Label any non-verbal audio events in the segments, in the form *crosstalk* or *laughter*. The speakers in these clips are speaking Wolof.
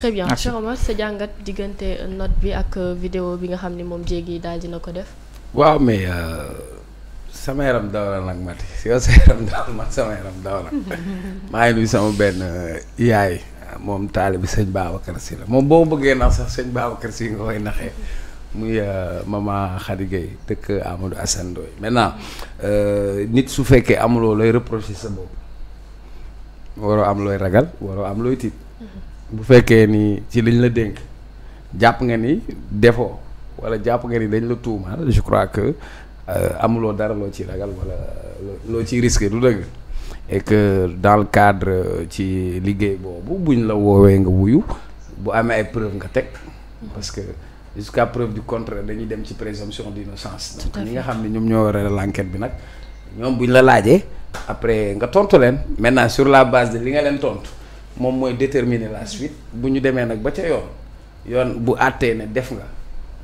très bien Cheikh Omar sa jàngat diggante note bi ak euh, vidéo bi nga xam ni moom jéegi dal dina ko def waaw mais euh, sama yaram daw la nag Mati si *laughs* yow sa yaram daw la sama yaram daw la *laughs* maa sama benn euh, yaay moom taalibi sëñ Babacar Sy la moom boo bëggee nax sax sëñ Babacar Sy nga koy naxee muy maman Khady Gueye dëkk Amadou Assane Ndoye nit su fekkee amuloo looy reprocher sa bopp waroo am looy ragal waroo am looy tiit mm-hmm. bu fekkee ni ci liñ la dénk jàpp nga ni défaut wala jàpp nga ni dañ la tuumaal je crois que euh, amuloo dara loo ci ragal wala loo ci risqué du dëgg et que dans le cadre euh, ci liggéey boobu buñ la woowee nga wuyu bu amee ay preuve nga teg parce que jusqu'à preuve du contraire dañuy dem ci présomption d'innocence ñi nga xam ne ñoom ñoo yore l'enquête bi nag ñoom buñ la laajee après nga tontu leen maintenant sur la base de li nga leen tontu moom mooy déterminer la suite bu ñu demee nag ba ca yoon yoon bu àttee ne def nga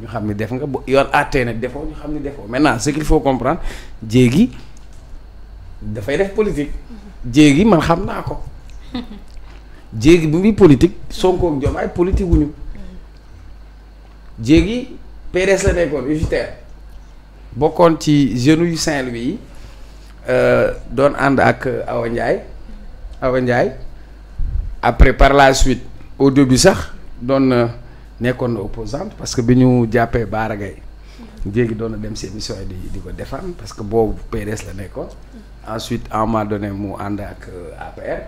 ñu xam ni def nga bu yoon àttee ne defoo ñu xam ni defoo maintenant ce qu'il faut comprendre jéegi dafay def politique jéegi man xam naa ko jéegi *laughs* bu muy politique Sonko ak ay politique wuñu jéegi PDS la nekkoon unitaire bokkoon ci jeunes yu Saint-Louis yi euh, doon ànd ak euh, Awa Ndiaye Awa Ndiaye après par la suite au début sax doon na nekkoon na opposante parce que bi ñu jàppee Baara jéegi doon na dem si émission yi di di ko défendre parce que boobu PDS la nekkoon ensuite à un moment donné mu ànd ak euh, APR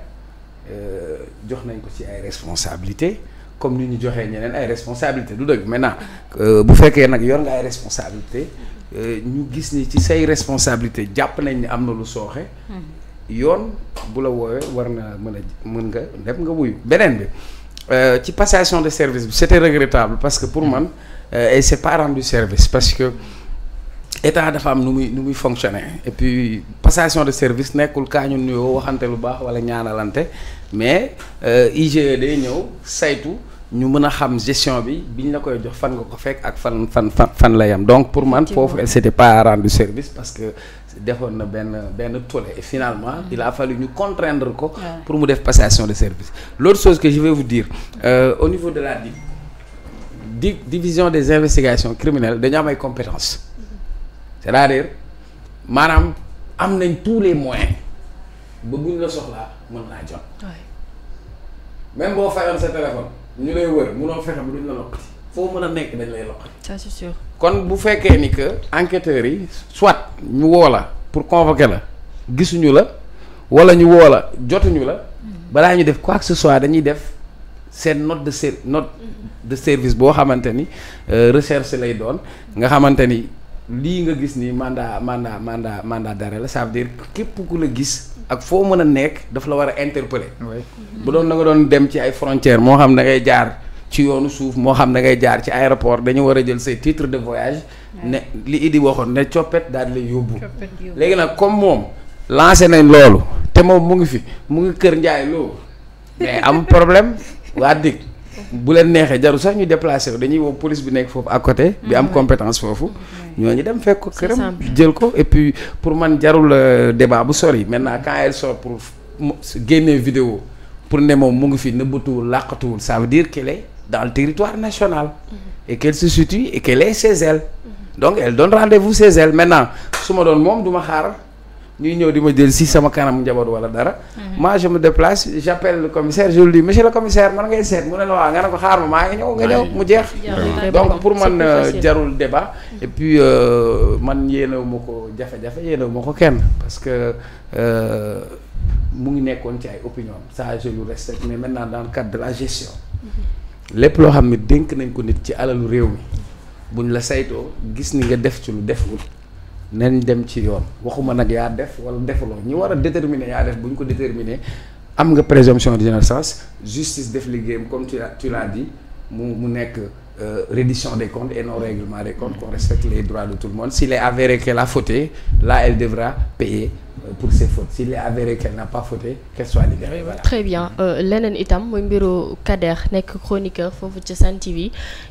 euh, jox nañ ko ci ay responsabilités comme ni ñu joxee ñeneen ay responsabilité du dëgg maintenant euh, bu fekkee nag yor nga ay responsabilités ñu gis ni ci say responsabilité jàpp nañ ni am na lu sooxe. yoon bu la woowee war na mën a mën nga dem nga wuy beneen bi euh, ci passation de service bi c'était regrettable parce que pour mm-hmm. man euh, et c'est pas service parce que état dafa am nu muy nu muy fonctionner et puis passation de service nekkul kaa ñu nuyoo waxante lu baax wala ñaanalante mais euh, IGE day ñëw saytu. ñu mën a xam gestion bi biñ la koy jox fan nga ko fekk ak fan fan fan fan la yam donc pour man foofu elle s'était pas rendu service parce que defoon na benn benn tollé et finalement mm. il a fallu ñu contraindre ko pour mu def passation de service l'autre chose que je vais vous dire euh, au niveau de la DIC di division des investigations criminelles dañu am ay compétences mm-hmm. c'est-à-dire maanaam am nañ tous les moyens ba la soxlaa mën naa jot même boo fayoon ñu lay wër munoo fexe bu duñ la loqati foo mën a nekk dañ lay loqati. kon bu fekkee ni que enquêteurs yi soit ñu woo la pour convoquer la gisuñu la wala ñu woo la jotuñu la mm. balaa ñu def quoi que ce dañuy def seen not de ser mm. de service boo xamante ni euh, recherche lay doon nga xamante ni. lii nga gis ni mandat mandat mandat mandat d'arrêt la ça veut képp ku la gis ak foo mën a nekk daf la war a interpeller bu doon na doon dem ci ay frontières moo xam da ngay jaar ci yoonu suuf moo xam da ngay jaar ci aéroport dañu war a jël say titre de voyage ne li Idi waxoon ne coppet daal di la yóbbu léegi nag comme moom lancé nañ loolu te moom mu ngi fi mu ngi kër njaay loo mais am problème waa dig bu leen neexee jaru sax ñu déplacé wu dañuy woo police bi nekk foofu à côté. bi am compétence foofu. ñooñu dem fekk ko këram jël ko et puis pour man jarul euh, débat bu sor sori maintenant quand elle sort pour génnee vidéo pour ne moom mu ngi fi nëbbatuwul làqatuwul ça veut dire qu'elle est dans territoire national. Mm-hmm. et qu'elle se situe et qu'elle est chez elle. Mm-hmm. donc elle donne rendez-vous chez elle maintenant su ma doon moom du ma xaar. ñuy ñëw di ma jël si sama kanam njaboot wala dara. Mhm. moi je me déplace j' appelle le commissaire je lui dis monsieur commissaire man ngay seet mu ne la waa nga ne ko xaar ma maa ngi ñëw nga ñëw mu jeex. donc pour man euh, jarul débat. Mhm. et puis euh, man wu ma ko jafe-jafe yéenewu ma ko kenn parce que. Euh, mu ngi nekkoon ci ay opinion ça je le respecte mais maintenant dans daan cadre de la gestion mhm. lépp loo xam ne dénk nañ ko nit ci alalu réew mi buñ la saytoo gis ni nga def ci lu deful nañ dem ci yoon waxuma nag yaa def wala defuloo ñi war a déterminer yaa def bu ñu ko déterminer am nga présomption d'innocence justice def liggéeyam comme tu tu l'as dit mu mu nekk euh, reddition des comptes et non règlement des comptes qu'on respecte les droits de tout le monde s'il est avéré qu'elle a là elle devra payer Euh, pour ses fautes s'il est avéré qu'elle très bien euh, leneen itam muy mbiru Kader nekk chroniqueur foofu ca Sen TV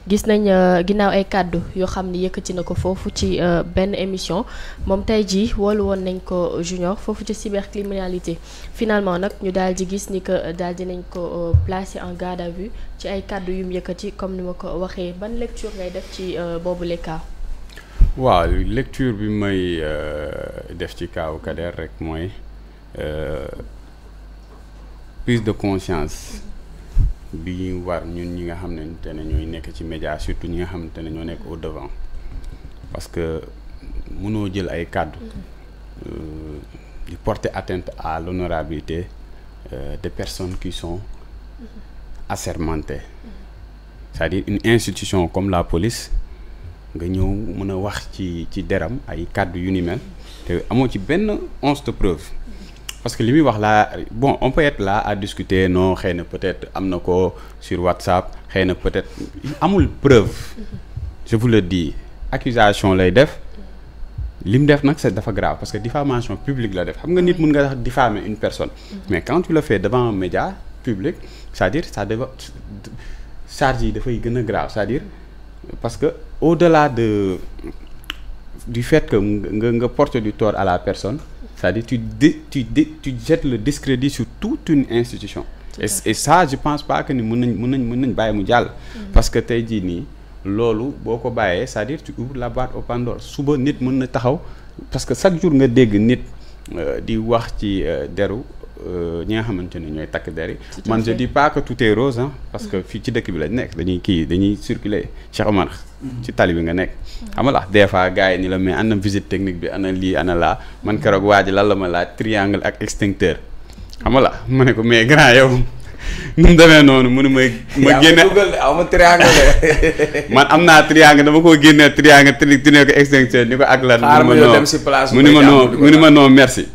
gis nañ euh, ginnaaw ay kàddu yoo xam ni yëkkati na ko foofu ci benn émission moom tey jii woolu woon nañ ko junior foofu ci cybercriminalité finalement nag ñu daal di gis ni que daal nañ ko placer en garde à vue ci ay kàddu yu mu yëkkati comme ni ma ko waxee ban lecture ngay def ci boobu le waaw lecture bi may euh, def ci kaaw Kader rek mooy euh, prise de conscience bi ñu war ñun ñi nga xam ne ñooy nekk ci média surtout ñi nga xamante ne ñoo nekk au devant parce que mënoo jël ay kàddu euh, di porter atteinte à l'honorabilité euh, des personnes qui sont assermentées cest dire une institution comme la police nga ñëw mun a wax ci ci deram ay kàddu yu ni mel te amoo ci benn once de preuve parce que li muy wax laa bon on peut être là à discuter non xëy na peut-être am na ko sur WhatsApp xëy na peut-être amul preuve je vous le accusation lay def li mu def nag c'est dafa grave parce que diffamation publique la def xam nga nit mën nga tax diffamer une personne mais quand tu le fais devant un média public sa à dire ça deva charge yi dafay gën a grave cest dire parce que au-delà de de du fait que nga nga porte du tort à la personne c'est-à-dire tu dé, tu le discrédit sur tout une institution et, et je pense pas que ni mën nañ mun nañ mën nañ bàyyi mu jàll mhm. parce que tey jii nii loolu boo ko bàyyee c'est-à-dire tu ouvres la boîte au Pandore suba nit mën na taxaw parce que chaque jour nga dégg nit euh, di wax ci euh, deru Euh, ñi nga xamante ne ñooy takk der yi man je dis pas que rose hein parce que fii ci dëkk bi lañ nekk dañuy kii dañuy circuler Cheikh Omar mhm. ci tali bi nga nekk mhm. xam nga la des yi ni la mais ana visite technique bi ana lii ana laa man keroog waa ji la ma laaj triangle ak extincteur xam la ma ne ko mais grand yow *laughs* nu mu noonu mënu ma ma génne ma triangle *laughs* man am naa triangle dama koo ko extincteur ni ko ak lan mu merci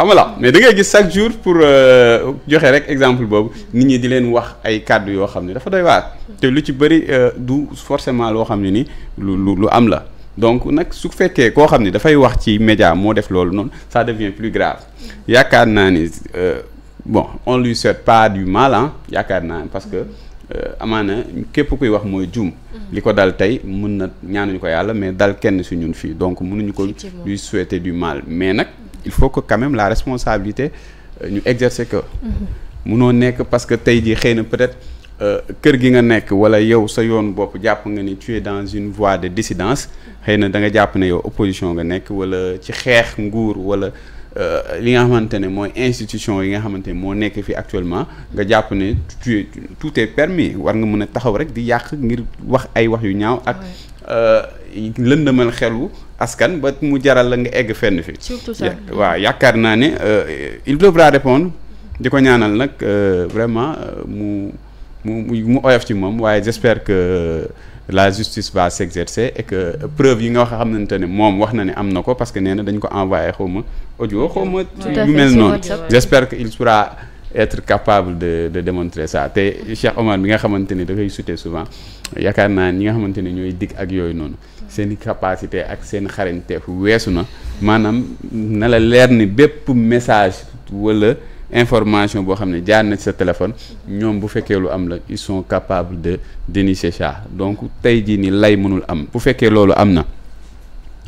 xam la mais da ngay gis chaque jour pour euh, joxe rek exemple boobu nit ñi di leen wax ay kàddu yoo xam ne dafa doy waar te lu ci bëri euh, du forcément loo xam ne ni lu lu lu am la donc nag su fekkee koo xam ne dafay wax ci média moo def loolu noonu ça devient plus grave yaakaar naa ni euh, bon on lui souhaite pas yaakaar naa parce que amaana képp kuy wax mooy juum mm-hmm. li ko dal tey mun na ñaanuñu ko yàlla mais dal kenn su ñun fii donc mënuñu ko lui souhaiter du mal mais nag il faut que quand même la responsabilité euh, ñu exercer que munoo nekk parce que tey jii xëy na peut-être euh, kër gi nga nekk walla yow sa yoon bopp jàpp nga ni tu dans une voie de dissidence xëy na da nga jàpp ne yow opposition nga nekk walla ci xeex nguur walla. Euh, li nga xamante ne mooy institution yi nga xamante ne moo nekk fii actuellement nga jàpp ne tu tout est permis war nga mun a taxaw rek di yàq ngir wax ay wax yu ñaaw ak Euh, lëndëmal xelu askan ba mu jaral la nga egg fenn fi. surtout ça waaw yaakaar naa ne euh, il devra répondre ji ko ñaanal nag euh, vraiment mu mu mu oyof ci moom waaye j'espère que. la justice va s'exercer et que preuve yi nga wax xamante ne moom wax na ne am na ko parce que nee na dañ ko envoyé xaw ma audio yu mel noonu j'espère que il sera etre capable de de démontrer ça te Cheikh Omar bi nga xamante ni da koy sute souvent yaakaar naa ñi nga xamante ni ñooy dikk ak yooyu noonu seen i capacité ak seen xarañteef weesu na maanaam na la leer ni bépp message wala information boo xam ne jaar na ci sa téléphone ñoom bu fekkee lu am la ils sont capables de dénicher ça donc tey jii ni lay mënul am bu fekkee loolu am na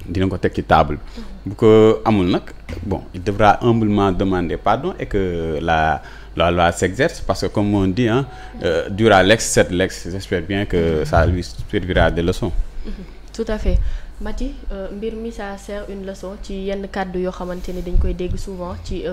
dina ko teg ci table bu ko amul nag bon il devra humblement demander pardon et que la la loi s'exerce parce que comme on dit hein euh, dura lex sed lex j'espère bien que ça lui servira de leçon *laughs* tout à fait Mati euh, mbir mi ça sert une leçon ci yenn kàddu yoo xamante ni dañ koy dégg souvent ci euh,